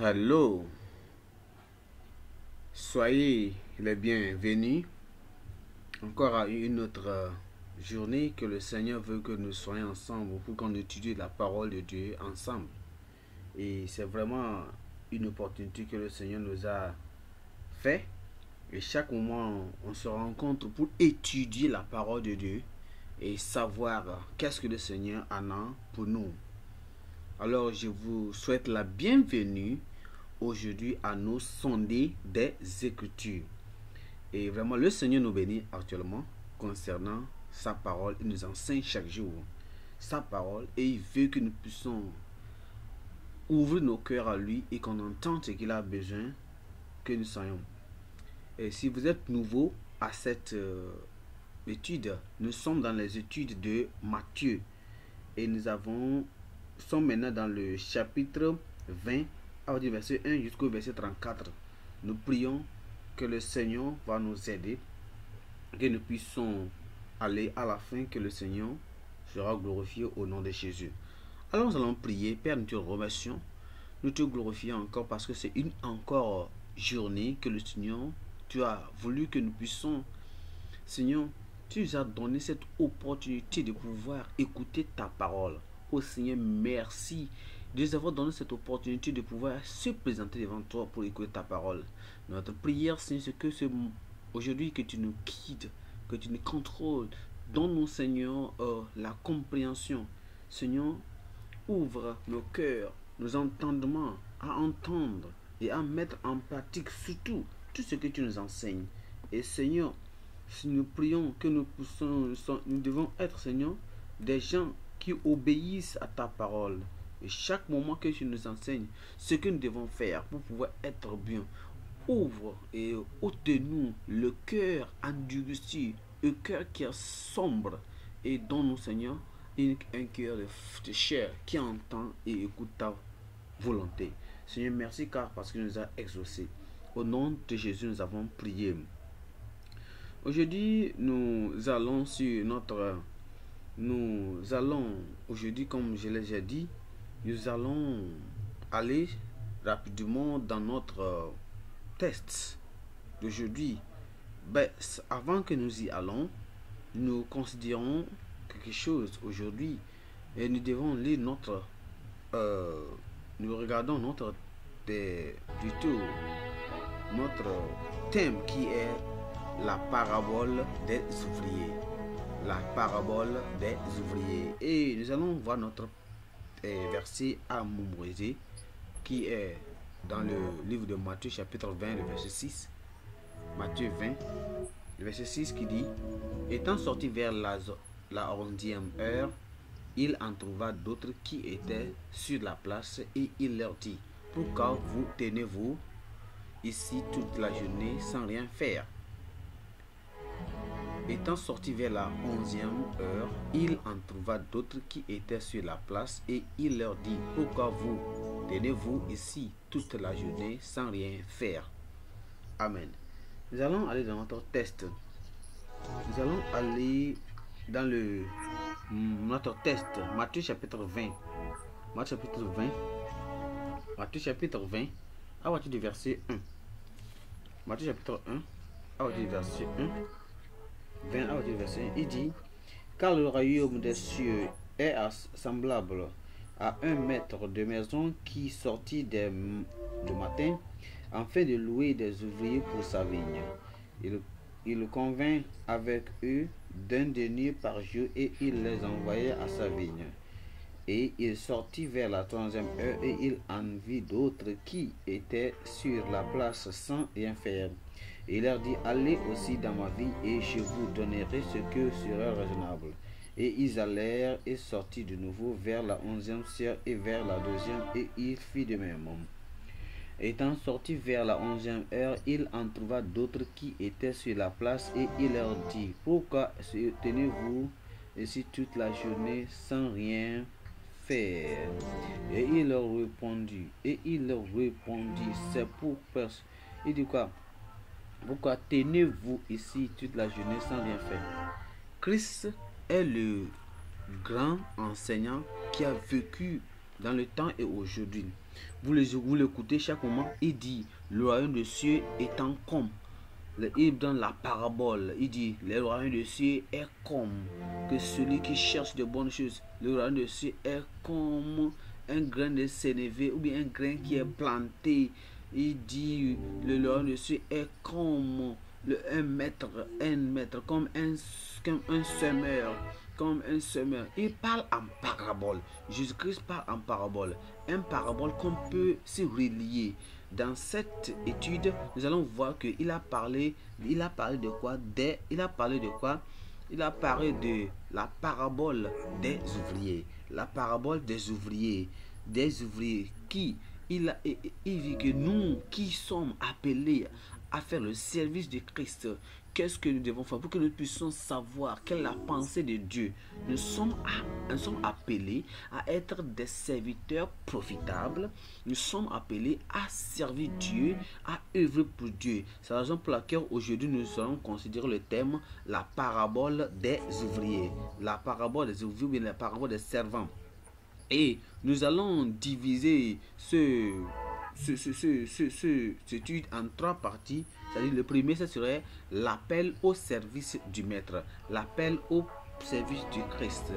Hello. Soyez les bienvenus encore à une autre euh, journée que le Seigneur veut que nous soyons ensemble pour qu'on étudie la parole de Dieu ensemble. Et c'est vraiment une opportunité que le Seigneur nous a fait. Et chaque moment, on se rencontre pour étudier la parole de Dieu et savoir euh, qu'est-ce que le Seigneur en a pour nous. Alors, je vous souhaite la bienvenue aujourd'hui à nos sondés des Écritures. Et vraiment, le Seigneur nous bénit actuellement concernant sa parole. Il nous enseigne chaque jour sa parole et il veut que nous puissions ouvrir nos cœurs à lui et qu'on entende ce qu'il a besoin que nous soyons. Et si vous êtes nouveau à cette euh, étude, nous sommes dans les études de Matthieu et nous avons sommes maintenant dans le chapitre 20, verset 1 jusqu'au verset 34. Nous prions que le Seigneur va nous aider, que nous puissions aller à la fin, que le Seigneur sera glorifié au nom de Jésus. Alors nous allons prier, Père, nous te remercions, nous te glorifions encore parce que c'est une encore journée que le Seigneur, tu as voulu que nous puissions, Seigneur, tu nous as donné cette opportunité de pouvoir écouter ta parole. Oh Seigneur, merci de nous avoir donné cette opportunité de pouvoir se présenter devant toi pour écouter ta parole. Notre prière, Seigneur, c'est que ce, aujourd'hui que tu nous guides, que tu nous contrôles. Donne-nous, Seigneur, euh, la compréhension. Seigneur, ouvre nos cœurs, nos entendements à entendre et à mettre en pratique surtout tout ce que tu nous enseignes. Et Seigneur, si nous prions que nous, poussons, nous devons être, Seigneur, des gens qui obéissent à ta parole. Et chaque moment que tu nous enseignes ce que nous devons faire pour pouvoir être bien, ouvre et ôte-nous le cœur endurci, le cœur qui est sombre, et donne-nous, Seigneur, un, cœur de chair qui entend et écoute ta volonté. Seigneur, merci car parce que nous as exaucés. Au nom de Jésus, nous avons prié. Aujourd'hui, nous allons sur notre nous allons aujourd'hui, comme je l'ai déjà dit, nous allons aller rapidement dans notre euh, test d'aujourd'hui. Ben, avant que nous y allons, nous considérons quelque chose aujourd'hui et nous devons lire notre... Euh, nous regardons notre du notre thème qui est la parabole des ouvriers la parabole des ouvriers. Et nous allons voir notre eh, verset à mémoriser qui est dans le livre de Matthieu chapitre 20, le verset 6. Matthieu 20, le verset 6 qui dit, étant sorti vers la, la onzième heure, il en trouva d'autres qui étaient sur la place et il leur dit, pourquoi vous tenez-vous ici toute la journée sans rien faire Étant sorti vers la onzième heure, il en trouva d'autres qui étaient sur la place et il leur dit, pourquoi vous tenez-vous ici toute la journée sans rien faire Amen. Nous allons aller dans notre test. Nous allons aller dans le hmm, notre test. Matthieu chapitre 20. Matthieu chapitre 20. Matthieu chapitre 20. À partir du verset 1. Matthieu chapitre 1. À partir du verset 1 il dit Car le royaume des cieux est semblable à un maître de maison qui sortit des, le matin afin de louer des ouvriers pour sa vigne. Il, convint avec eux d'un denier par jour et il les envoya à sa vigne. Et il sortit vers la troisième heure et il en vit d'autres qui étaient sur la place sans rien faire il leur dit, allez aussi dans ma vie et je vous donnerai ce que sera raisonnable. Et ils allèrent et sortirent de nouveau vers la onzième sœur et vers la deuxième, et il fit de même. Étant sorti vers la onzième heure, il en trouva d'autres qui étaient sur la place, et il leur dit, pourquoi tenez-vous ici toute la journée sans rien faire Et il leur répondit, et il leur répondit, c'est pour... Et dit quoi pourquoi tenez-vous ici toute la journée sans rien faire Christ est le grand enseignant qui a vécu dans le temps et aujourd'hui. Vous l'écoutez chaque moment, il dit, le royaume des cieux étant comme. Il donne la parabole, il dit, le royaume des cieux est comme que celui qui cherche de bonnes choses. Le royaume de cieux est comme un grain de sénévé ou bien un grain qui est planté il dit le lion dessus est comme le, un maître, un maître, comme un, comme un semeur, comme un semeur. Il parle en parabole. Jésus-Christ parle en parabole. Un parabole qu'on peut se relier. Dans cette étude, nous allons voir que il a parlé, il a parlé de quoi des, Il a parlé de quoi Il a parlé de la parabole des ouvriers. La parabole des ouvriers. Des ouvriers qui il, dit que nous qui sommes appelés à faire le service de Christ, qu'est-ce que nous devons faire pour que nous puissions savoir quelle est la pensée de Dieu. Nous sommes, appelés à être des serviteurs profitables. Nous sommes appelés à servir Dieu, à œuvrer pour Dieu. C'est la raison pour laquelle aujourd'hui nous allons considérer le thème la parabole des ouvriers. La parabole des ouvriers ou la parabole des servants. Et nous allons diviser ce, ce, ce, ce, étude en trois parties. C'est-à-dire le premier, ce serait l'appel au service du maître, l'appel au service du Christ,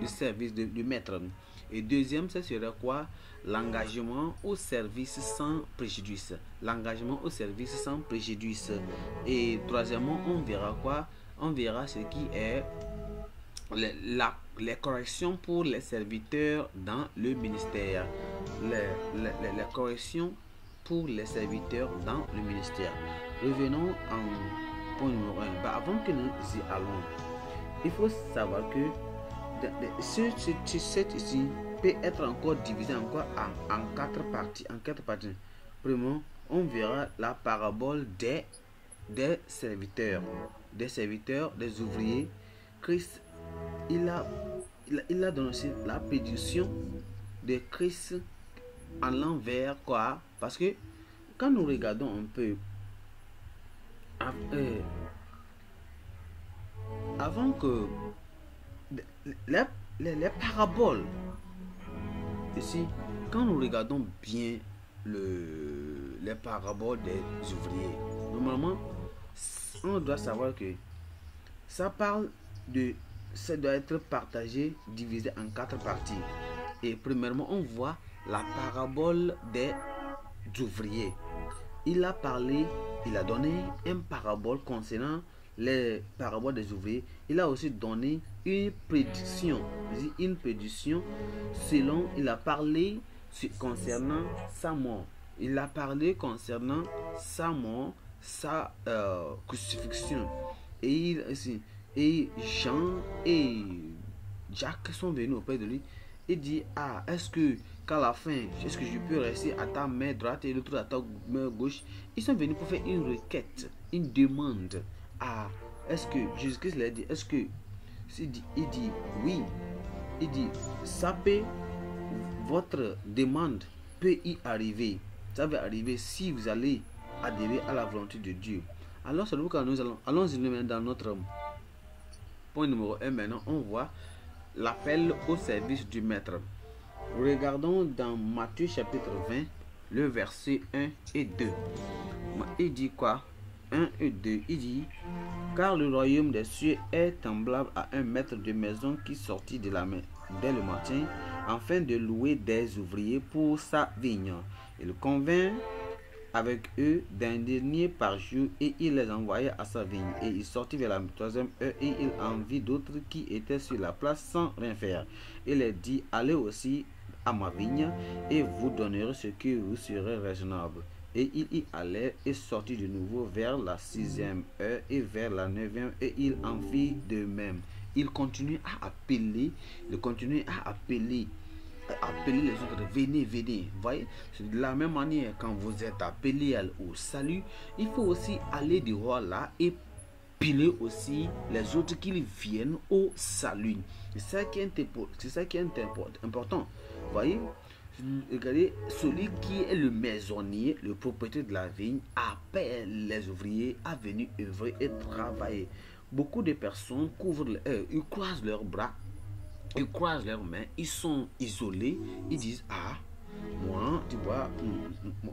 Le service du maître. Et deuxième, ce serait quoi L'engagement au service sans préjudice. L'engagement au service sans préjudice. Et troisièmement, on verra quoi On verra ce qui est la les corrections pour les serviteurs dans le ministère. Les, corrections pour les serviteurs dans le ministère. Revenons en point numéro 1. Bah, avant que nous y allons, il faut savoir que ce, ce, ici peut être encore divisé encore en, en, quatre parties. En quatre parties. Premièrement, on verra la parabole des, des serviteurs, des serviteurs, des ouvriers. Christ, il a il a donné la pédition de Christ en l'envers, quoi. Parce que quand nous regardons un peu, euh, avant que les, paraboles, ici, quand nous regardons bien le, les paraboles des ouvriers, normalement, on doit savoir que ça parle de ça doit être partagé, divisé en quatre parties. Et premièrement, on voit la parabole des ouvriers. Il a parlé, il a donné une parabole concernant les paraboles des ouvriers. Il a aussi donné une prédiction, une prédiction selon, il a parlé concernant sa mort. Il a parlé concernant sa mort, sa euh, crucifixion. Et il, et Jean et Jack sont venus auprès de lui et dit Ah, est-ce que qu'à la fin, est-ce que je peux rester à ta main droite et l'autre à ta main gauche Ils sont venus pour faire une requête, une demande ah est-ce que Jésus-Christ l'a dit Est-ce que il dit, il dit oui Il dit Sapez votre demande peut y arriver. Ça va arriver si vous allez adhérer à la volonté de Dieu. Alors, c'est nous allons, allons-y dans notre numéro 1, maintenant, on voit l'appel au service du maître. Regardons dans Matthieu chapitre 20, le verset 1 et 2. Il dit quoi 1 et 2, il dit Car le royaume des cieux est semblable à un maître de maison qui sortit de la main dès le matin afin de louer des ouvriers pour sa vigne. Il convainc avec eux d'un dernier par jour et il les envoya à sa vigne. Et il sortit vers la troisième heure et il en vit d'autres qui étaient sur la place sans rien faire. Il les dit, allez aussi à ma vigne et vous donnerez ce que vous serez raisonnable. Et il y allait et sortit de nouveau vers la sixième heure et vers la neuvième et il en fit de même. Il continue à appeler, il continue à appeler appeler les autres, venez, venez. Voyez, de la même manière, quand vous êtes appelé au salut, il faut aussi aller du roi là et piler aussi les autres qui viennent au salut. C'est ça qui est, c'est ça qui est important. Voyez, regardez, celui qui est le maisonnier, le propriétaire de la vigne, appelle les ouvriers à venir œuvrer et travailler. Beaucoup de personnes couvrent, euh, ils croisent leurs bras ils croisent leurs mains, ils sont isolés, ils disent Ah, moi, tu vois,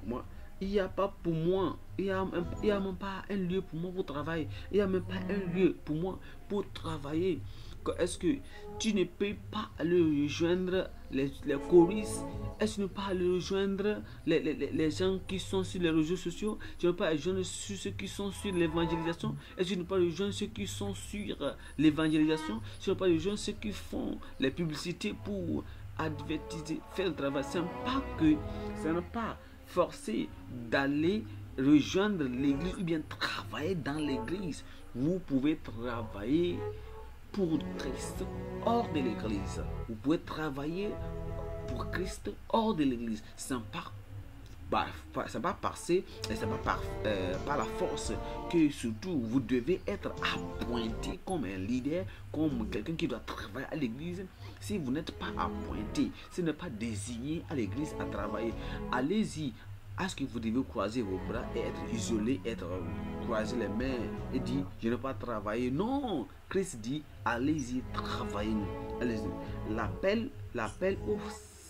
moi, il n'y a pas pour moi, il n'y a, même pas un lieu pour moi pour travailler, il n'y a même pas un lieu pour moi pour travailler est-ce que tu ne peux pas le rejoindre les, les choristes Est-ce que tu ne peux pas le rejoindre les, gens qui sont sur les réseaux sociaux Tu ne peux pas rejoindre ceux qui sont sur l'évangélisation Est-ce que tu ne peux pas rejoindre ceux qui sont sur l'évangélisation Tu ne peux pas rejoindre ceux qui font les publicités pour advertiser, faire le travail. Ce pas que, ça n'est pas forcé d'aller rejoindre l'église ou bien travailler dans l'église. Vous pouvez travailler pour Christ hors de l'église. Vous pouvez travailler pour Christ hors de l'église. Ça va passer passer, ça va par, euh, par la force que surtout vous devez être appointé comme un leader, comme quelqu'un qui doit travailler à l'église. Si vous n'êtes pas appointé, si vous n'êtes pas désigné à l'église à travailler, allez-y est-ce que vous devez croiser vos bras et être isolé, être euh, croiser les mains et dire je ne pas travailler Non, Christ dit allez-y travaillez Allez l'appel, l'appel au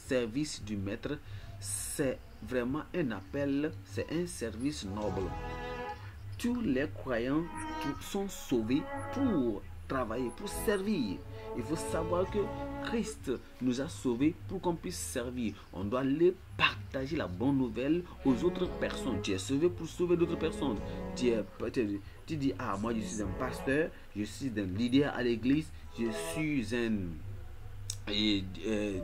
service du maître, c'est vraiment un appel, c'est un service noble. Tous les croyants sont sauvés pour travailler, pour servir. Il faut savoir que Christ nous a sauvés pour qu'on puisse servir. On doit aller partager la bonne nouvelle aux autres personnes. Tu es sauvé pour sauver d'autres personnes. Tu, dis, ah, moi je suis un pasteur, je suis un leader à l'église, je suis un et euh,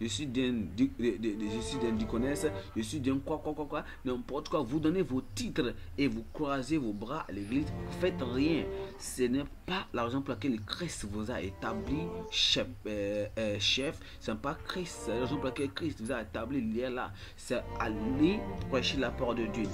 je suis d'un je suis d'un je suis d'un quoi quoi quoi quoi, n'importe quoi, vous donnez vos titres et vous croisez vos bras à l'église, faites rien. Ce n'est pas l'argent pour laquelle Christ vous a établi chef, euh, euh, chef. ce pas Christ, l'argent pour lequel Christ vous a établi là, c'est aller prêcher la porte de Dieu,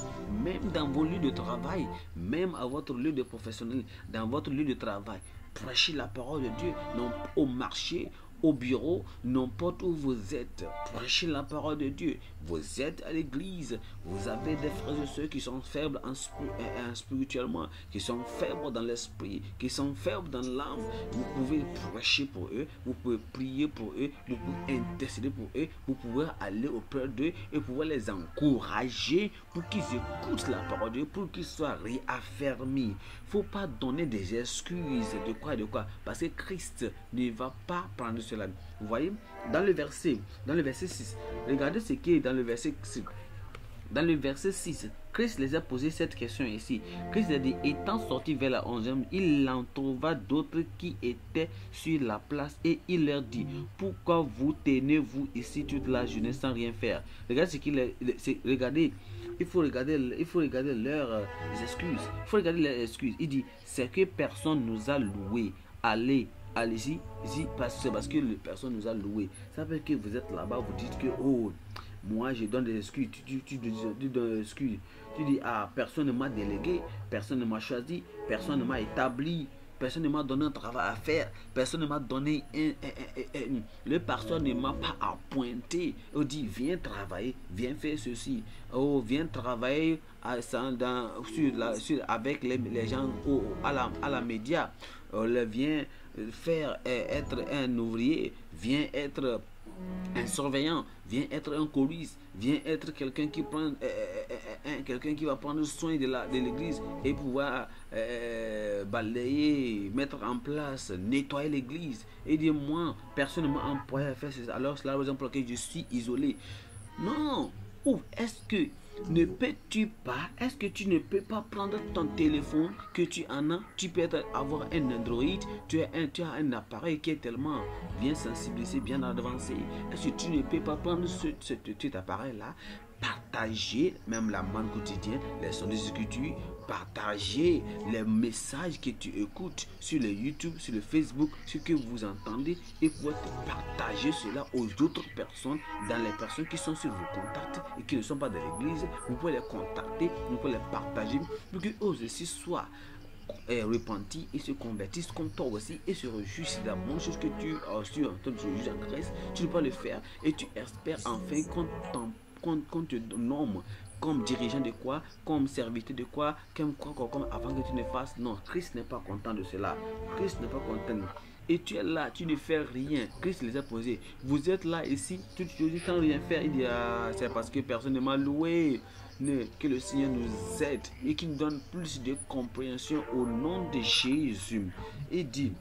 même dans vos lieux de travail, même à votre lieu de professionnel, dans votre lieu de travail Prêchez la parole de Dieu, non au marché, au bureau, n'importe où vous êtes. Prêchez la parole de Dieu. Vous êtes à l'église, vous avez des frères et ceux qui sont faibles en, euh, euh, spirituellement, qui sont faibles dans l'esprit, qui sont faibles dans l'âme. Vous pouvez prêcher pour eux, vous pouvez prier pour eux, vous pouvez intercéder pour eux, vous pouvez aller auprès d'eux et pouvoir les encourager pour qu'ils écoutent la parole de Dieu, pour qu'ils soient réaffermis. Faut pas donner des excuses de quoi de quoi, parce que Christ ne va pas prendre cela. Vous voyez, dans le verset, dans le verset 6, regardez ce qui est dans dans le verset 6. Dans le verset 6, Christ les a posé cette question ici. Christ a dit, étant sorti vers la 11e il en trouva d'autres qui étaient sur la place et il leur dit, pourquoi vous tenez-vous ici toute la jeunesse sans rien faire Regardez ce qu'il Regardez, il faut regarder, il faut regarder leurs euh, excuses. Il faut regarder leurs excuses. Il dit, c'est que personne nous a loué. Allez, allez-y, c'est parce que personne nous a loué. Ça veut dire que vous êtes là-bas, vous dites que, oh, moi, je donne des excuses. Tu, donnes Tu dis, ah, personne ne m'a délégué, personne ne m'a choisi, personne ne m'a établi, personne ne m'a donné un travail à faire, personne ne m'a donné un, Le personne ne m'a pas appointé. On dit, viens travailler, viens faire ceci. on oh, viens travailler sur la, avec les, gens à, la, à la média. On oh, le, viens faire eh, être un ouvrier, viens être un surveillant vient être un choriste, vient être quelqu'un qui prend, euh, euh, euh, quelqu'un qui va prendre soin de la de et pouvoir balayer, mettre en place, nettoyer l'église. Et dire moi, personne ne m'a employé à faire ça. Alors cela la raison pour laquelle je suis isolé. Non. Ou est-ce que ne peux-tu pas, est-ce que tu ne peux pas prendre ton téléphone que tu en as, tu peux avoir un Android, tu as un, appareil qui est tellement bien sensibilisé, bien avancé, est-ce que tu ne peux pas prendre ce, ce, cet appareil-là partager même la manne quotidienne, les sons que tu partager les messages que tu écoutes sur le YouTube, sur le Facebook, ce que vous entendez et pouvoir partager cela aux autres personnes, dans les personnes qui sont sur vos contacts et qui ne sont pas de l'église. Vous pouvez les contacter, vous pouvez les partager pour qu'eux aussi soient et euh, repentis et se convertissent comme toi aussi et se réjouissent d'amour, la chose que tu as reçu en tant que en Tu ne peux pas le faire et tu espères enfin qu'on t'en qu'on te nomme comme dirigeant de quoi, comme serviteur de quoi, comme quoi, quoi, comme avant que tu ne fasses. Non, Christ n'est pas content de cela. Christ n'est pas content. Et tu es là, tu ne fais rien. Christ les a posés. Vous êtes là ici, tout sans rien faire. Il dit, ah, c'est parce que personne ne m'a loué. que le Seigneur nous aide et qu'il nous donne plus de compréhension au nom de Jésus. et dit,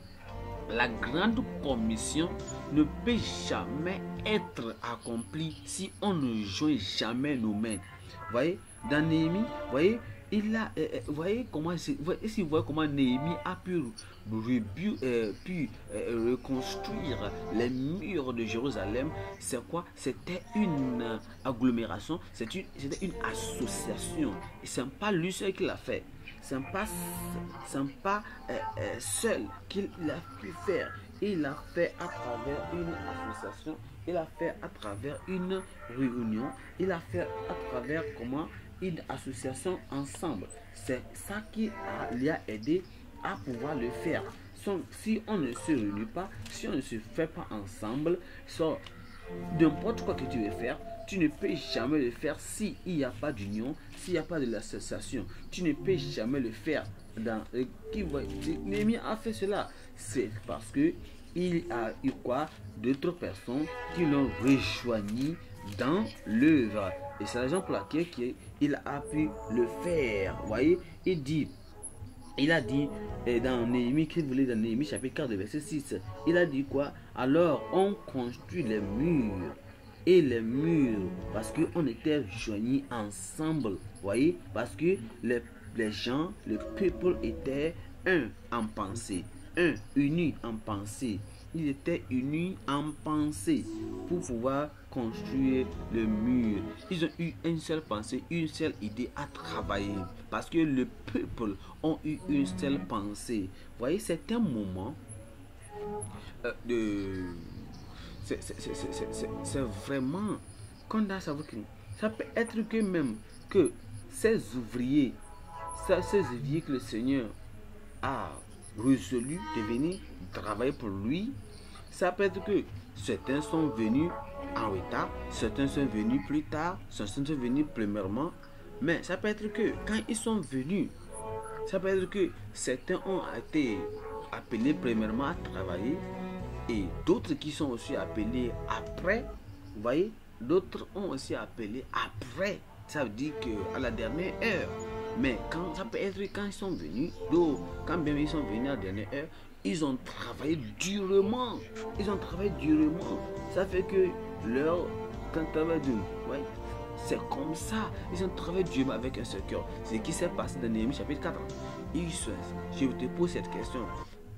la grande commission ne peut jamais être accomplie si on ne joint jamais nos mains. Voyez, dans Néhémie, voyez, il a, euh, euh, voyez comment, si vous voyez comment Néhémie a pu, euh, reconstruire les murs de Jérusalem, c'est quoi C'était une agglomération, c'était une, association. Et c'est pas lui seul qui l'a fait. C'est pas, euh, euh, seul qu'il a pu faire. Il a fait à travers une association, il a fait à travers une réunion, il a fait à travers comment une association ensemble. C'est ça qui lui a aidé à pouvoir le faire. Si on ne se réunit pas, si on ne se fait pas ensemble, n'importe quoi que tu veux faire, tu ne peux jamais le faire s'il n'y a pas d'union, s'il n'y a pas de l'association. Tu ne peux jamais le faire dans... Euh, qui a fait cela. C'est parce que il a eu quoi D'autres personnes qui l'ont rejoigni dans l'œuvre. Et c'est raison pour qui il a pu le faire. voyez Il dit il a dit euh, dans Néhémie, qui voulait dans Néhémie chapitre 4, verset 6, il a dit quoi Alors on construit les murs et les murs parce on était joignis ensemble. voyez Parce que les, les gens, le peuple était un en pensée. Un, uni en pensée. il était unis en pensée pour pouvoir construire le mur. Ils ont eu une seule pensée, une seule idée à travailler. Parce que le peuple ont eu une seule pensée. voyez, c'est un moment euh, de c'est vraiment quand ça peut être que même que ces ouvriers, ces ouvriers que le Seigneur a résolu de venir travailler pour lui, ça peut être que certains sont venus en retard, certains sont venus plus tard, certains sont venus premièrement, mais ça peut être que quand ils sont venus, ça peut être que certains ont été appelés premièrement à travailler, et d'autres qui sont aussi appelés après, vous voyez, d'autres ont aussi appelé après. Ça veut dire à la dernière heure. Mais quand ça peut être quand ils sont venus, quand bien ils sont venus à la dernière heure, ils ont travaillé durement. Ils ont travaillé durement. Ça fait que leur quand travail de ouais, c'est comme ça. Ils ont travaillé durement avec un seul cœur. C'est ce qui s'est passé dans Néhémie chapitre 4. Ils, je te pose cette question.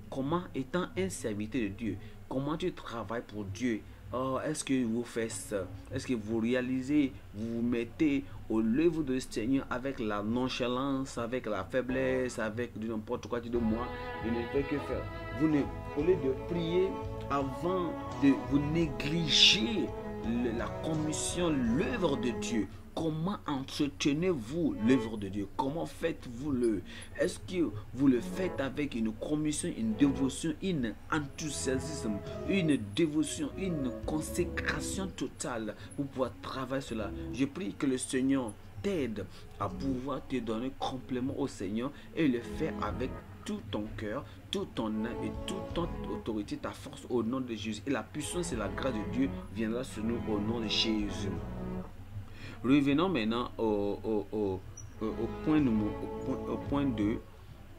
Comment étant un serviteur de Dieu, Comment tu travailles pour Dieu oh, est-ce que vous faites ça Est-ce que vous réalisez Vous vous mettez au de de Seigneur avec la nonchalance, avec la faiblesse, avec n'importe quoi, tu de moi, je ne fais que faire. Vous ne, voulez de prier avant de vous négliger la commission, l'œuvre de Dieu. Comment entretenez-vous l'œuvre de Dieu Comment faites-vous le Est-ce que vous le faites avec une commission, une dévotion, un enthousiasme, une dévotion, une consécration totale pour pouvoir travailler cela Je prie que le Seigneur t'aide à pouvoir te donner complément au Seigneur et le faire avec tout ton cœur, tout ton âme et toute ton autorité, ta force au nom de Jésus. Et la puissance et la grâce de Dieu viendra sur nous au nom de Jésus. Revenons maintenant au, point, au, point, 2.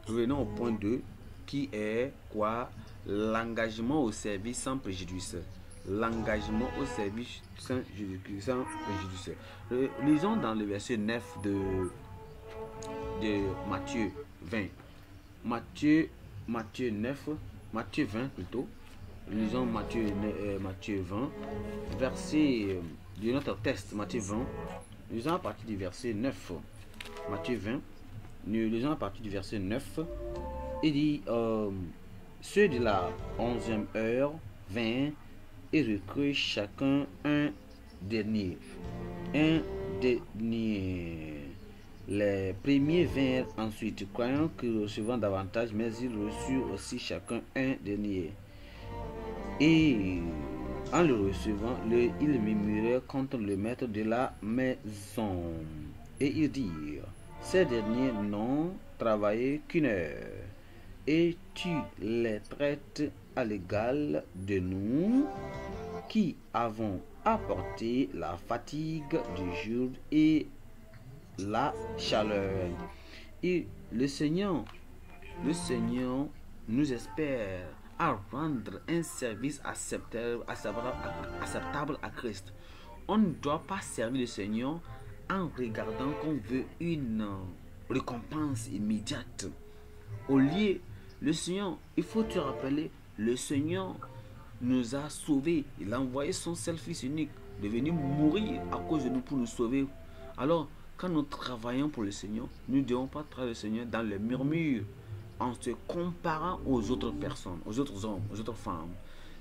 Revenons au point 2 qui est quoi L'engagement au service sans préjudice. L'engagement au service sans, préjudice. Euh, lisons dans le verset 9 de, de Matthieu 20. Matthieu, Matthieu 9, Matthieu 20 plutôt. Lisons Matthieu, euh, Matthieu 20, verset... Euh, de notre test, Matthieu 20, nous à partir du verset 9. Matthieu 20, nous lisons à partir du verset 9. Il dit, euh, ceux de la onzième heure vinrent et recrutent chacun un dernier. Un dernier. Les premiers vinrent ensuite, croyant qu'ils recevront davantage, mais ils reçurent aussi chacun un dernier. Et en le recevant, le, ils contre le maître de la maison. Et il dit, ces derniers n'ont travaillé qu'une heure, et tu les traites à l'égal de nous qui avons apporté la fatigue du jour et la chaleur. Et le Seigneur, le Seigneur nous espère à rendre un service acceptable, acceptable à Christ. On ne doit pas servir le Seigneur en regardant qu'on veut une euh, récompense immédiate. Au lieu, le Seigneur, il faut te rappeler, le Seigneur nous a sauvés. Il a envoyé son seul fils unique de venir mourir à cause de nous pour nous sauver. Alors, quand nous travaillons pour le Seigneur, nous ne devons pas travailler le Seigneur dans le murmure en se comparant aux autres personnes, aux autres hommes, aux autres femmes.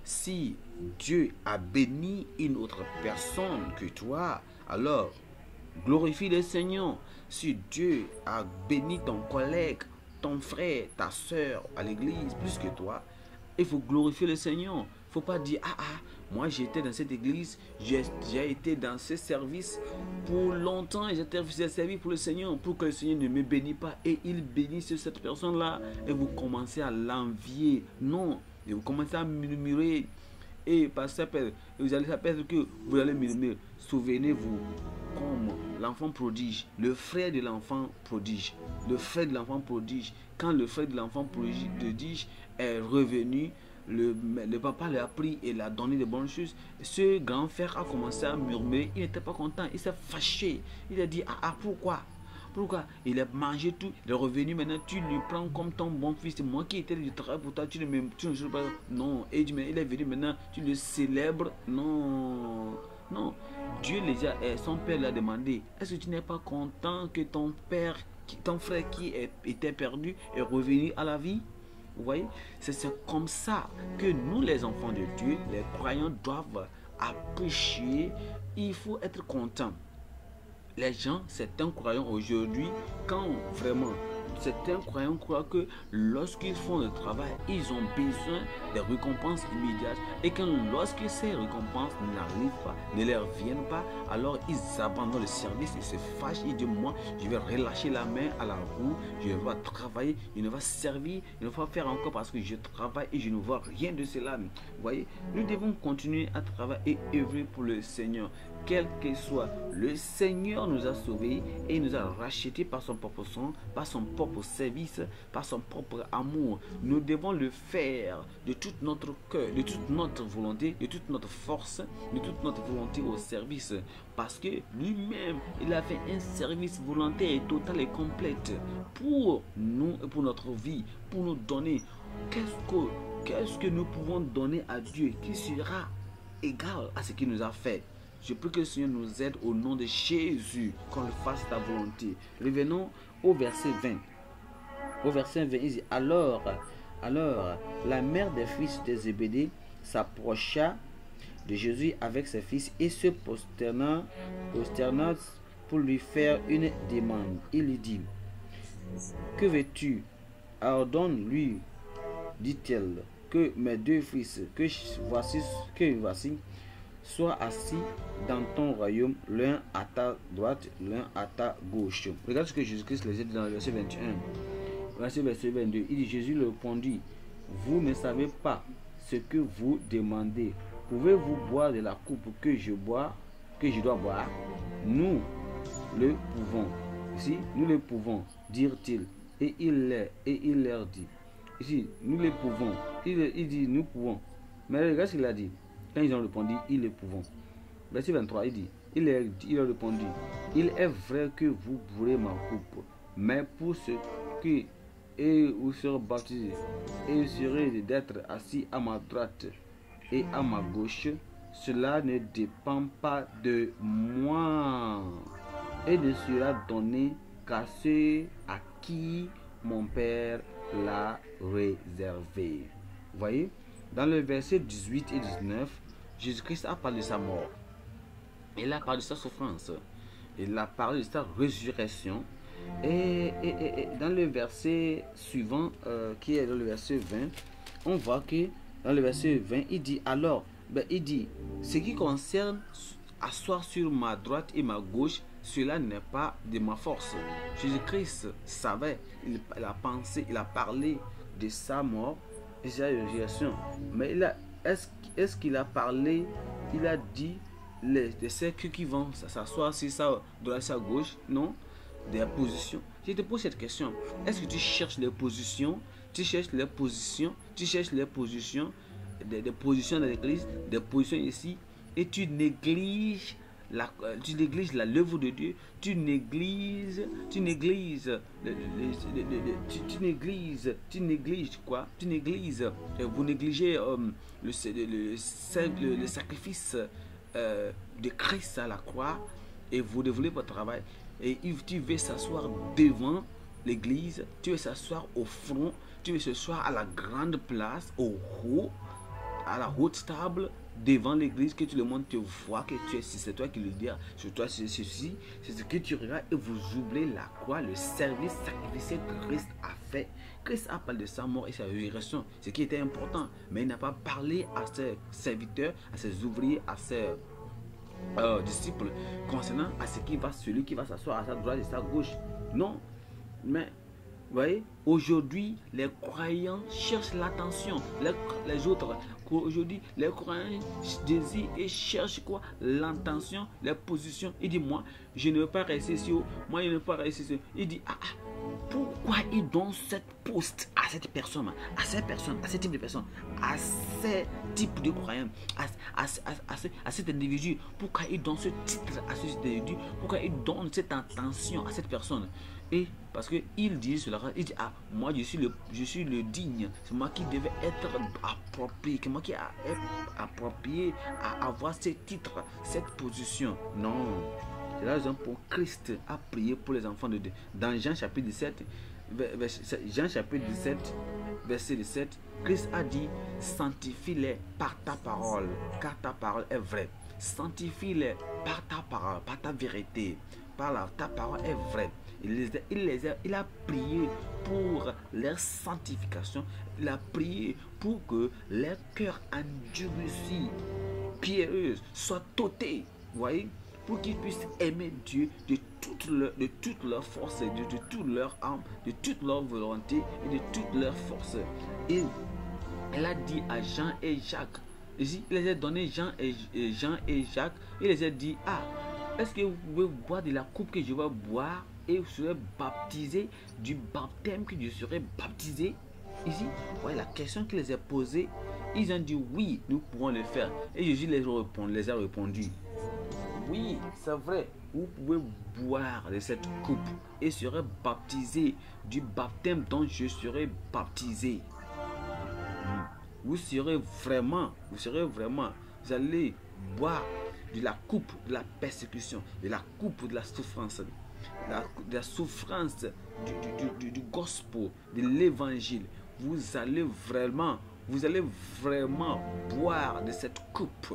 Si Dieu a béni une autre personne que toi, alors glorifie le Seigneur. Si Dieu a béni ton collègue, ton frère, ta soeur à l'église plus que toi, il faut glorifier le Seigneur faut pas dire, ah ah, moi j'étais dans cette église, j'ai été dans ce service pour longtemps et j'ai servi pour le Seigneur, pour que le Seigneur ne me bénisse pas et il bénisse cette personne-là. Et vous commencez à l'envier. Non, et vous commencez à murmurer. Et pas vous allez s'apercevoir que vous allez murmurer. Souvenez-vous, comme l'enfant prodige, le frère de l'enfant prodige, le frère de l'enfant prodige, quand le frère de l'enfant prodige est revenu, le, papa l'a pris et l'a donné de bonnes choses. Ce grand frère a commencé à murmurer. Il n'était pas content. Il s'est fâché. Il a dit Ah, ah pourquoi pourquoi Il a mangé tout, il est revenu maintenant, tu lui prends comme ton bon fils. Moi qui étais du travail pour toi, tu ne me tu ne, pas. Non, et il est venu maintenant, tu le célèbres. Non, non. Dieu déjà, eh, son père l'a demandé. Est-ce que tu n'es pas content que ton père, ton frère qui était perdu est revenu à la vie vous voyez C'est comme ça que nous, les enfants de Dieu, les croyants, doivent apprécier. Il faut être content. Les gens, certains croyant aujourd'hui, quand vraiment Certains croyants croient que lorsqu'ils font le travail, ils ont besoin des récompenses immédiates et que lorsque ces récompenses n'arrivent pas, ne leur viennent pas, alors ils abandonnent le service et se fâchent. Ils disent Moi, je vais relâcher la main à la roue, je vais travailler, je ne vais servir, je ne vais pas faire encore parce que je travaille et je ne vois rien de cela. Vous voyez, nous devons continuer à travailler et œuvrer pour le Seigneur quel que soit. Le Seigneur nous a sauvés et nous a rachetés par son propre sang, par son propre service, par son propre amour. Nous devons le faire de tout notre cœur, de toute notre volonté, de toute notre force, de toute notre volonté au service. Parce que lui-même, il a fait un service volontaire et total et complète pour nous et pour notre vie, pour nous donner. quest que, qu'est-ce que nous pouvons donner à Dieu qui sera égal à ce qu'il nous a fait je prie que le Seigneur nous aide au nom de Jésus, qu'on le fasse ta volonté. Revenons au verset 20. Au verset 20, il dit, alors, alors, la mère des fils de Zébédée s'approcha de Jésus avec ses fils et se posterna posterna, pour lui faire une demande. Il lui dit, que veux-tu Ordonne-lui, dit-elle, que mes deux fils, que voici, que voici Sois assis dans ton royaume, l'un à ta droite, l'un à ta gauche. Regarde ce que Jésus-Christ les a dit dans le verset 21. Verset, 22. Il dit Jésus le répondit Vous ne savez pas ce que vous demandez. Pouvez-vous boire de la coupe que je bois, que je dois boire Nous le pouvons. Ici, nous le pouvons, dirent-ils. Et il et il leur dit. Ici, nous le pouvons. Il, il dit, nous pouvons. Mais regarde ce qu'il a dit. Quand ils ont répondu, ils le pouvant Verset 23, il dit, il, est, a répondu, il est vrai que vous pourrez ma coupe, mais pour ceux qui et vous serez baptisés, et vous d'être assis à ma droite et à ma gauche, cela ne dépend pas de moi et ne sera donné qu'à ceux à qui mon Père l'a réservé. voyez dans le verset 18 et 19, Jésus-Christ a parlé de sa mort. Il a parlé de sa souffrance. Il a parlé de sa résurrection. Et, dans le verset suivant, euh, qui est dans le verset 20, on voit que dans le verset 20, il dit alors, ben, il dit, ce qui concerne asseoir sur ma droite et ma gauche, cela n'est pas de ma force. Jésus-Christ savait, il a pensé, il a parlé de sa mort, exagération. Mais il a, est-ce, est qu'il a parlé, il a dit les, les cercles qui vont s'asseoir sur ça droite, sa gauche, non Des positions. Je te pose cette question. Est-ce que tu cherches les positions Tu cherches les positions Tu cherches les positions Des, des positions dans l'église, des positions ici, et tu négliges euh, tu négliges la lèvre de Dieu, tu négliges, tu négliges, euh, tu, tu, négliges, tu négliges quoi Tu négliges, euh, vous négligez le le, sacrifice de Christ à la croix et vous développez votre travail. Et tu veux s'asseoir devant l'église, tu veux s'asseoir au front, tu veux s'asseoir à la grande place, au haut, à la haute table, devant l'église, que tout le monde te voit, que tu es si c'est toi qui le dis, hein. c'est toi c'est ceci, c'est ce que tu regardes et vous oubliez la croix, le service sacrificiel que Christ a fait. Christ a parlé de sa mort et sa résurrection, ce qui était important, mais il n'a pas parlé à ses serviteurs, à ses ouvriers, à ses euh, disciples concernant à ce qui va, celui qui va s'asseoir à sa droite et sa gauche. Non, mais Aujourd'hui, les croyants cherchent l'attention. Les, autres, aujourd'hui, les croyants désirent et cherchent quoi L'attention, la position. Il dit, moi, je ne veux pas rester sur, moi, je ne veux pas rester sur. Il dit, ah, ah pourquoi ils donne cette poste à cette personne, à cette personne, à ce type de personne, à ce type de croyant, à, cet individu Pourquoi ils donne ce titre à cet individu Pourquoi ils donne cette attention à cette personne et parce qu'il dit cela, il dit, ah, moi je suis le, digne, c'est moi qui devais être approprié, c'est moi qui a approprié à avoir ce titre, cette position. Non. C'est la raison pour Christ a prié pour les enfants de Dieu. Dans Jean chapitre 17, verset 17, Christ a dit, sanctifie-les par ta parole, car ta parole est vraie. Sanctifie-les par ta parole, par ta vérité. Par la, ta parole est vraie. Il les, a, il, a, prié pour leur sanctification. Il a prié pour que leur cœur endurci, pierreuse soit vous voyez Pour qu'ils puissent aimer Dieu de toute, leur, de toute leur force, de, de toute leur âme, de toute leur volonté et de toute leur force. Et elle a dit à Jean et Jacques, il les a donné Jean et, Jean et Jacques, il les a dit, ah, est-ce que vous pouvez boire de la coupe que je vais boire et vous serez baptisé du baptême que Dieu serait baptisé ici la question qu'ils les a posée. Ils ont dit oui, nous pouvons le faire. Et Jésus les, les a répondu. Oui, c'est vrai, vous pouvez boire de cette coupe et serez baptisé du baptême dont je serai baptisé. Vous serez vraiment, vous serez vraiment, vous allez boire de la coupe de la persécution, de la coupe de la souffrance, la, la souffrance du, gospel, de l'évangile, vous allez vraiment, vous allez vraiment boire de cette coupe.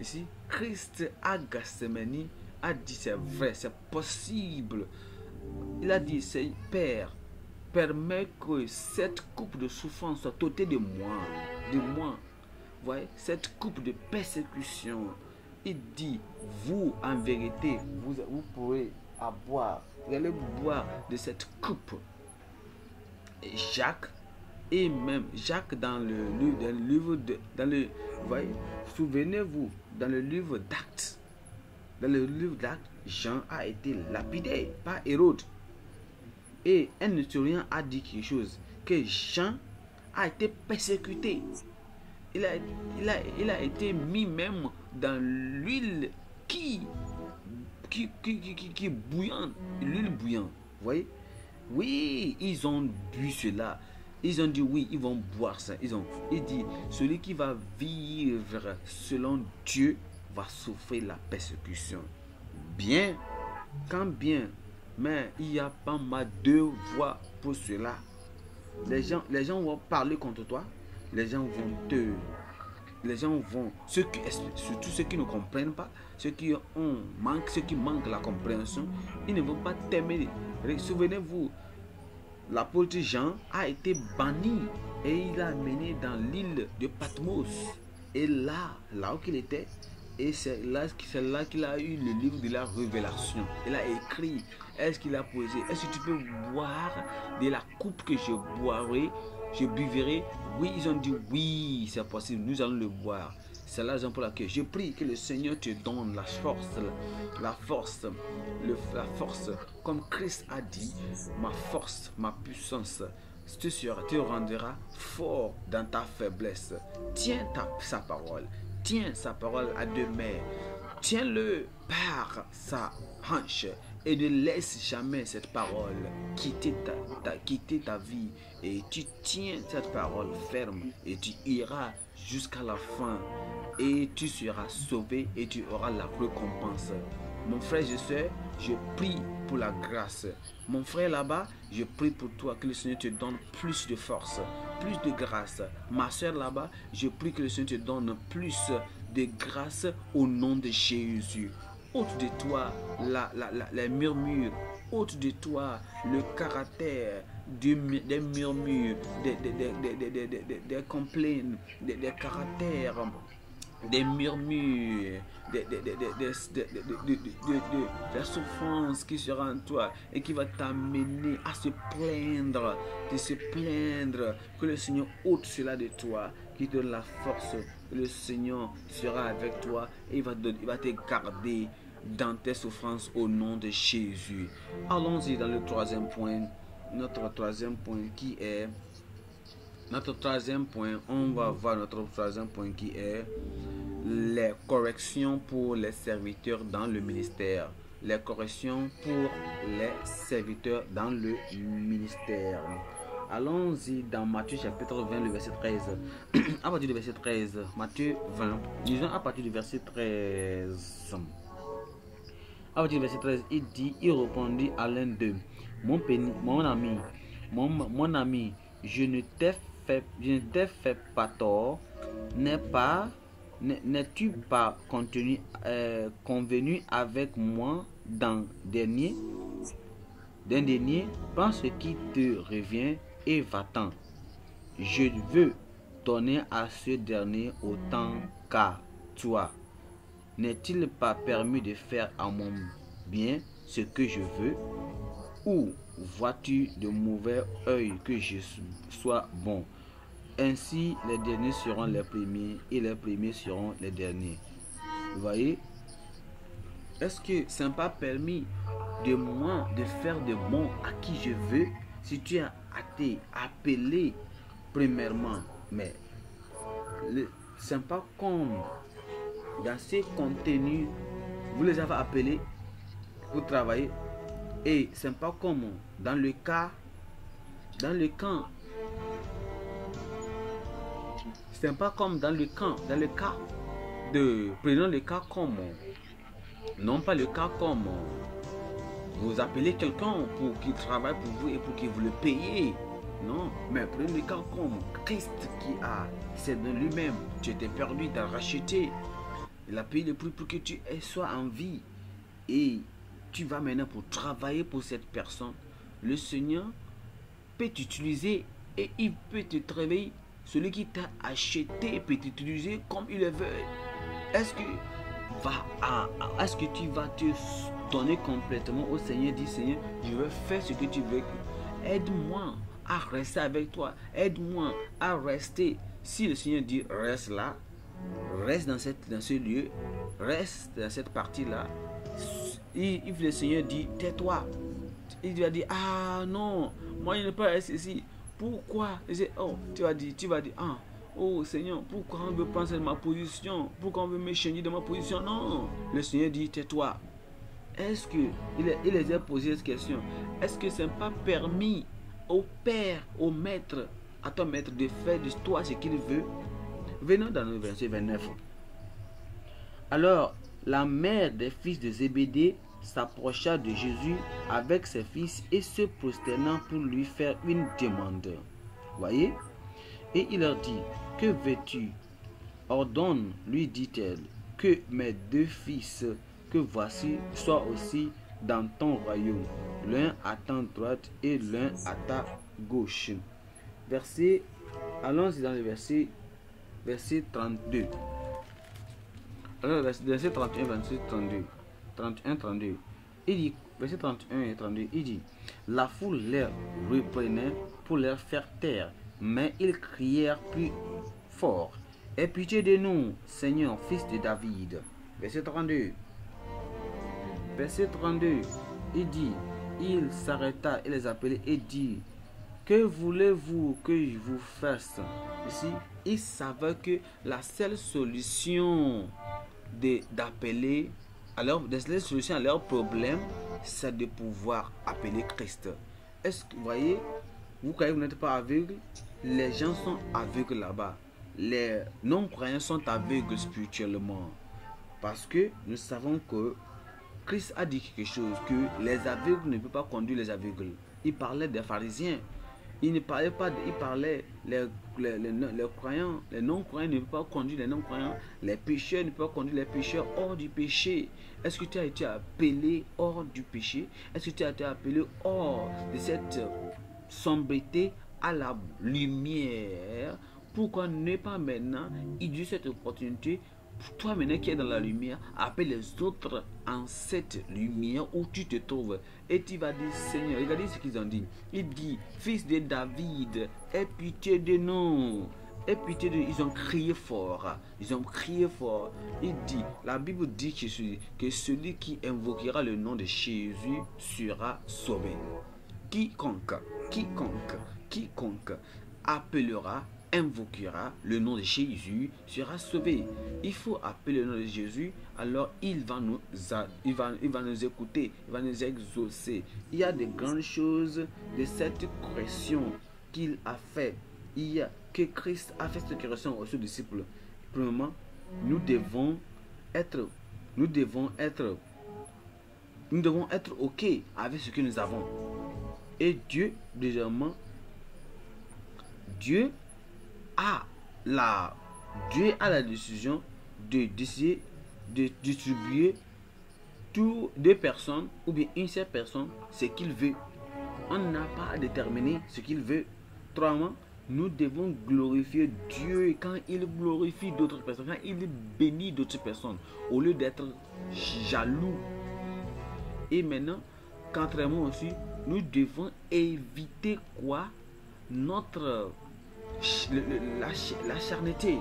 Ici, Christ à Gethsemane a dit c'est vrai, c'est possible. Il a dit c'est Père, permets que cette coupe de souffrance soit ôtée de moi, de moi. Vous voyez, cette coupe de persécution, dit, vous, en vérité, vous, vous pourrez avoir le allez boire de cette coupe. Jacques, et même Jacques dans le, livre de, dans le, voyez, souvenez-vous, dans le livre d'Actes, dans le livre d'Actes, Jean a été lapidé par Hérode. Et un historien a dit quelque chose, que Jean a été persécuté. Il a, il a, il a été mis même dans l'huile qui qui, qui, qui, qui, est l'huile bouillante. voyez Oui, ils ont bu cela. Ils ont dit oui, ils vont boire ça. Ils ont dit celui qui va vivre selon Dieu va souffrir la persécution. Bien, quand bien, mais il y a pas ma deux voix pour cela. Les gens, les gens vont parler contre toi. Les gens vont te les gens vont, ceux qui, surtout ceux qui ne comprennent pas, ceux qui ont manque, ceux qui manquent la compréhension, ils ne vont pas t'aimer. Souvenez-vous, l'apôtre Jean a été banni et il a amené dans l'île de Patmos. Et là, là où il était, et c'est là, là qu'il a eu le livre de la révélation. Il a écrit, est-ce qu'il a posé, est-ce que tu peux boire de la coupe que je boirai je buverai. Oui, ils ont dit, oui, c'est possible, nous allons le boire. C'est la raison pour laquelle je prie que le Seigneur te donne la force, la force, le, la force, comme Christ a dit, ma force, ma puissance, tu te rendra fort dans ta faiblesse. Tiens ta, sa parole, tiens sa parole à demain, tiens-le par sa hanche et ne laisse jamais cette parole quitter ta, vie. Et tu tiens cette parole ferme et tu iras jusqu'à la fin. Et tu seras sauvé et tu auras la récompense. Mon frère je soeur, je prie pour la grâce. Mon frère là-bas, je prie pour toi que le Seigneur te donne plus de force, plus de grâce. Ma soeur là-bas, je prie que le Seigneur te donne plus de grâce au nom de Jésus ôte de toi la, la, les murmures, ôte de toi le caractère des murmures, des, des, des, des des, des caractères des murmures, des, des, des, des, souffrances qui sera en toi et qui va t'amener à se plaindre, de se plaindre, que le Seigneur ôte cela de toi, qui donne la force, le Seigneur sera avec toi et il va, il va te garder dans tes souffrances au nom de Jésus. Allons-y dans le troisième point, notre troisième point qui est, notre troisième point, on va voir notre troisième point qui est les corrections pour les serviteurs dans le ministère. Les corrections pour les serviteurs dans le ministère. Allons-y dans Matthieu chapitre 20, le verset 13. à partir du verset 13, Matthieu 20, disons à partir du verset 13. À partir verset 13, il dit, il répondit à l'un d'eux, mon, mon, ami, mon, ami, je ne t'ai fait, fait pas tort, n'es-tu pas contenu, euh, convenu avec moi d'un dernier, d'un dernier, prends ce qui te revient et va-t'en. Je veux donner à ce dernier autant qu'à toi n'est-il pas permis de faire à mon bien ce que je veux Ou vois-tu de mauvais œil que je sois bon Ainsi, les derniers seront les premiers et les premiers seront les derniers. Vous voyez Est-ce que ça n'est pas permis de moi de faire de bon à qui je veux si tu as été appelé premièrement Mais ce n'est pas comme dans ces contenus, vous les avez appelés pour travailler. Et c'est pas comme dans le cas, dans le camp. C'est pas comme dans le camp, dans le cas de, prenons le cas comme, non pas le cas comme, vous appelez quelqu'un pour qu'il travaille pour vous et pour qu'il vous le paye. Non, mais prenons le cas comme Christ qui a, c'est de lui-même, tu étais perdu, t'as racheté, il a payé le prix pour que tu sois en vie. Et tu vas maintenant pour travailler pour cette personne. Le Seigneur peut t'utiliser et il peut te travailler. Celui qui t'a acheté peut t'utiliser comme il le veut. Est-ce que, va, est que tu vas te donner complètement au Seigneur Dis Seigneur, je veux faire ce que tu veux. Aide-moi à rester avec toi. Aide-moi à rester. Si le Seigneur dit reste là, reste dans, cette, dans ce lieu, reste dans cette partie-là. Il, le Seigneur dit, tais-toi. Il a dit ah non, moi je ne peux pas rester ici. Pourquoi oh, tu vas dire, tu vas dire, ah, oh Seigneur, pourquoi on veut penser à ma position Pourquoi on veut me changer de ma position Non, le Seigneur dit, tais-toi. Est-ce que, il, il les a posé cette question, est-ce que ce n'est pas permis au Père, au Maître, à ton Maître de faire de toi ce qu'il veut Venons dans le verset 29. Alors, la mère des fils de Zébédée s'approcha de Jésus avec ses fils et se prosternant pour lui faire une demande. Voyez Et il leur dit, que veux-tu Ordonne, lui dit-elle, que mes deux fils que voici soient aussi dans ton royaume, l'un à ta droite et l'un à ta gauche. Verset, allons-y dans le verset verset 32. Alors, verset 31, verset 32. 31, 32. Il dit, verset 31 et 32, il dit La foule les reprenait pour leur faire taire, mais ils crièrent plus fort Aie pitié de nous, Seigneur, fils de David. Verset 32. Verset 32, il dit Il s'arrêta et les appelait et dit Que voulez-vous que je vous fasse Ici, il savait que la seule solution d'appeler alors la seule solution à leur problème, c'est de pouvoir appeler Christ. Est-ce que vous voyez, vous croyez vous n'êtes pas aveugle Les gens sont aveugles là-bas. Les non-croyants sont aveugles spirituellement. Parce que nous savons que Christ a dit quelque chose, que les aveugles ne peuvent pas conduire les aveugles. Il parlait des pharisiens. Il ne parlait pas, il parlait, les, les, les, croyants, les non-croyants ne peuvent pas conduire les non-croyants, les pécheurs ne peuvent pas conduire les pécheurs hors du péché. Est-ce que tu as été appelé hors du péché Est-ce que tu as été appelé hors de cette sombreté à la lumière Pourquoi ne pas maintenant il dit, cette opportunité toi maintenant qui es dans la lumière, appelle les autres en cette lumière où tu te trouves. Et tu vas dire, Seigneur, regardez ce qu'ils ont dit. Il dit, fils de David, aie pitié de nous. Aie pitié de Ils ont crié fort. Ils ont crié fort. Il dit, la Bible dit que que celui qui invoquera le nom de Jésus sera sauvé. Quiconque, quiconque, quiconque appellera invoquera le nom de Jésus sera sauvé. Il faut appeler le nom de Jésus, alors il va nous, il va, il va nous écouter, il va nous exaucer. Il y a des grandes choses de cette correction qu'il a fait. Il y a, que Christ a fait cette correction aux disciples. Premièrement, nous devons être, nous devons être, nous devons être ok avec ce que nous avons. Et Dieu, deuxièmement, Dieu à la, Dieu a la décision de décider de distribuer tout des personnes ou bien une seule personne ce qu'il veut. On n'a pas à déterminer ce qu'il veut. Troisièmement, nous devons glorifier Dieu quand il glorifie d'autres personnes, quand il bénit d'autres personnes, au lieu d'être jaloux. Et maintenant, contrairement aussi, nous devons éviter quoi Notre la, la charnité,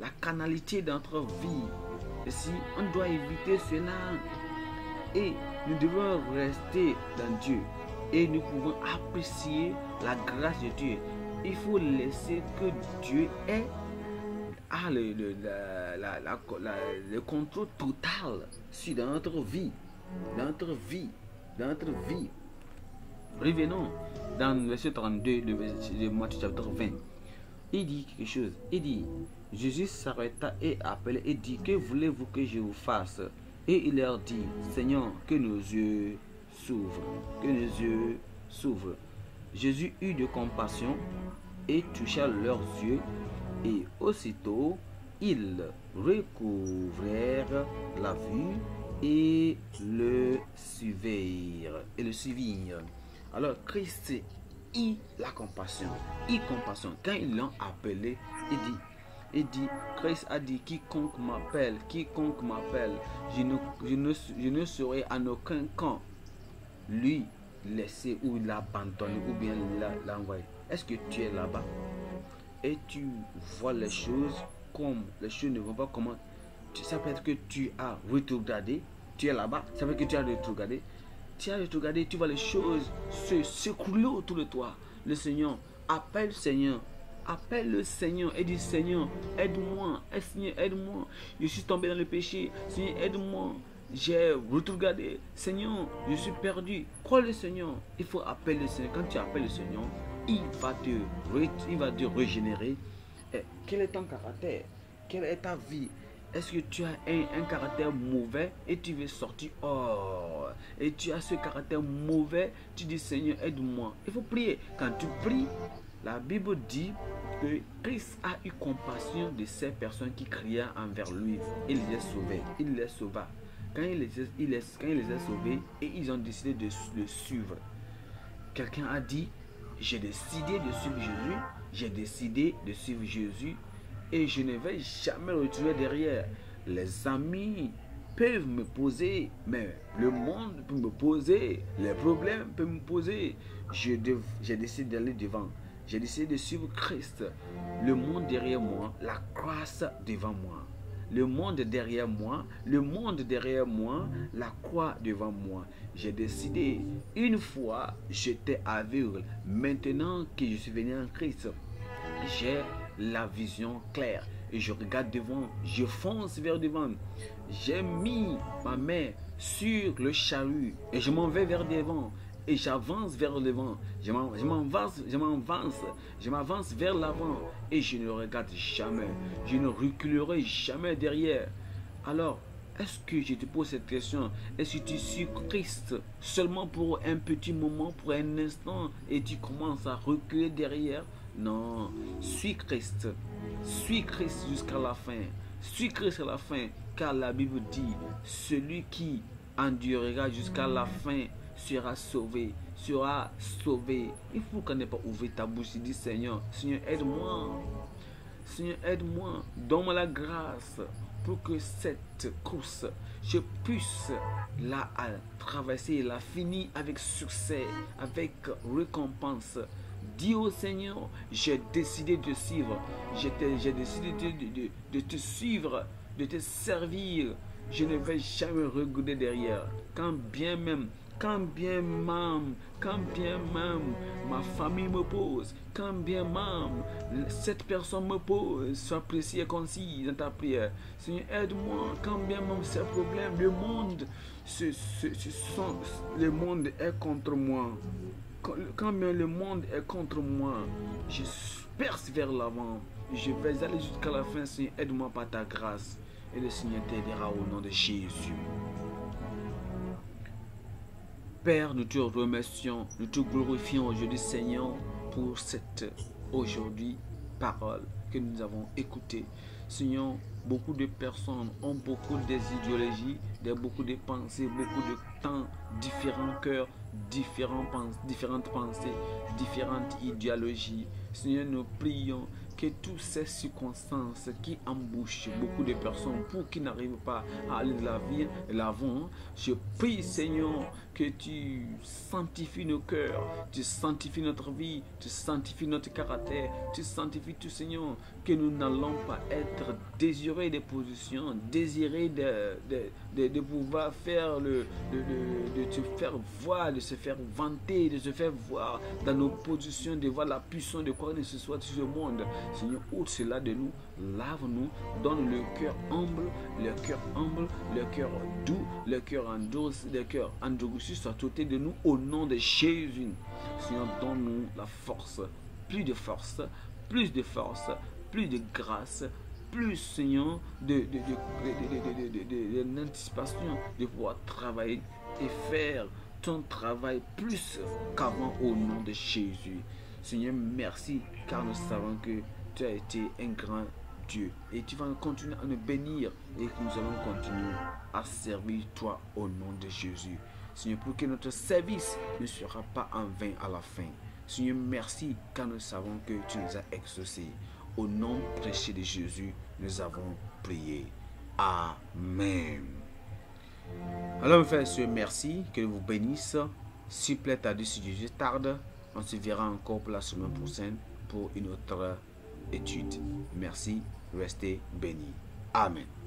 la canalité d'entre vie. si on doit éviter cela, et nous devons rester dans Dieu, et nous pouvons apprécier la grâce de Dieu. Il faut laisser que Dieu ait le, la, le, contrôle total sur notre vie. Notre vie. Notre vie. Revenons dans le verset 32 de Matthieu chapitre 20. Il dit quelque chose. Il dit, Jésus s'arrêta et appela et dit, que voulez-vous que je vous fasse Et il leur dit, Seigneur, que nos yeux s'ouvrent, que nos yeux s'ouvrent. Jésus eut de compassion et toucha leurs yeux, et aussitôt ils recouvrèrent la vue et le suivirent. Et le suivirent. Alors Christ la compassion. Il compassion. Quand ils l'ont appelé, il dit, il dit, Christ a dit, quiconque m'appelle, quiconque m'appelle, je ne, je, ne, serai en aucun camp lui laisser ou l'abandonner ou bien l'envoyer. Est-ce que tu es là-bas et tu vois les choses comme les choses ne vont pas comment ça peut être que tu as retourné tu es là-bas, ça veut dire que tu as retourné Tiens, je te regarde, tu vois les choses se secouler autour de toi. Le Seigneur, appelle le Seigneur. Appelle le Seigneur et dis Seigneur, aide-moi. Seigneur, aide-moi. Je suis tombé dans le péché. Seigneur, aide-moi. J'ai retrouvé. Seigneur, je suis perdu. Crois le Seigneur. Il faut appeler le Seigneur. Quand tu appelles le Seigneur, il va te, il va te régénérer. quel est ton caractère Quelle est ta vie est-ce que tu as un, caractère mauvais et tu veux sortir hors Et tu as ce caractère mauvais, tu dis Seigneur, aide-moi. Il faut prier. Quand tu pries, la Bible dit que Christ a eu compassion de ces personnes qui criaient envers lui. Il les a sauvés. Il les sauva. Quand il les, il les, quand il les a sauvés, et ils ont décidé de le suivre. Quelqu'un a dit, j'ai décidé de suivre Jésus. J'ai décidé de suivre Jésus et je ne vais jamais retourner derrière. Les amis peuvent me poser, mais le monde peut me poser, les problèmes peuvent me poser. Je J'ai décidé d'aller devant. J'ai décidé de suivre Christ. Le monde derrière moi, la croix devant moi. Le monde derrière moi, le monde derrière moi, la croix devant moi. J'ai décidé, une fois j'étais aveugle, maintenant que je suis venu en Christ, j'ai la vision claire. Et je regarde devant, je fonce vers devant. J'ai mis ma main sur le charrue et je m'en vais vers devant. Et j'avance vers devant. Je m'avance, je m'avance, je m'avance vers l'avant. Et je ne regarde jamais. Je ne reculerai jamais derrière. Alors, est-ce que je te pose cette question Est-ce que tu suis Christ seulement pour un petit moment, pour un instant, et tu commences à reculer derrière non, suis Christ. Suis Christ jusqu'à la fin. Suis Christ à la fin, car la Bible dit, celui qui endurera jusqu'à la fin sera sauvé, sera sauvé. Il faut qu'on n'ait pas ouvert ta bouche et dit Seigneur, Seigneur, aide-moi. Seigneur, aide-moi. Donne-moi la grâce pour que cette course, je puisse la traverser la finir avec succès, avec récompense, Dis au Seigneur, j'ai décidé de suivre. J'ai décidé de, te suivre, de te servir. Je ne vais jamais regarder derrière. Quand bien même quand bien même, quand bien même ma famille me pose, quand bien même cette personne me pose, sois précis et concis dans ta prière. Seigneur, aide-moi, quand bien même ces problèmes, le monde, le monde est contre moi quand le monde est contre moi, je perce vers l'avant. Je vais aller jusqu'à la fin, Seigneur. Aide-moi par ta grâce. Et le Seigneur t'aidera au nom de Jésus. Père, nous te remercions, nous te glorifions aujourd'hui, Seigneur, pour cette aujourd'hui parole que nous avons écoutée. Seigneur, beaucoup de personnes ont beaucoup d'idéologies, idéologies, beaucoup de pensées, beaucoup de temps, différents cœurs, différentes, pensées, différentes idéologies. Seigneur, nous prions que toutes ces circonstances qui embouchent beaucoup de personnes pour qu'ils n'arrivent pas à aller de la vie l'avant, je prie Seigneur que tu sanctifies nos cœurs, tu sanctifies notre vie, tu sanctifies notre caractère, tu sanctifies tout Seigneur, que nous n'allons pas être désirés des positions, désirés de, de, pouvoir faire le, de, te faire voir, de se faire vanter, de se faire voir dans nos positions, de voir la puissance de quoi que ce soit sur ce monde. Seigneur, ôte cela de nous lave-nous, donne le cœur humble, le cœur humble, le cœur doux, le cœur endurci, le cœur endurci soit doté de nous au nom de Jésus. Seigneur, donne-nous la force, plus de force, plus de force, plus de grâce, plus, Seigneur, de, l'anticipation de pouvoir travailler et faire ton travail plus qu'avant au nom de Jésus. Seigneur, merci, car nous savons que tu as été un grand Dieu. Et tu vas continuer à nous bénir et que nous allons continuer à servir toi au nom de Jésus. Seigneur, pour que notre service ne sera pas en vain à la fin. Seigneur, merci car nous savons que tu nous as exaucés. Au nom prêché de Jésus, nous avons prié. Amen. Alors mes frères et merci, que vous bénisse. S'il plaît, à Dieu si tarde, on se verra encore pour la semaine prochaine pour une autre étude. Merci, restez bénis. Amen.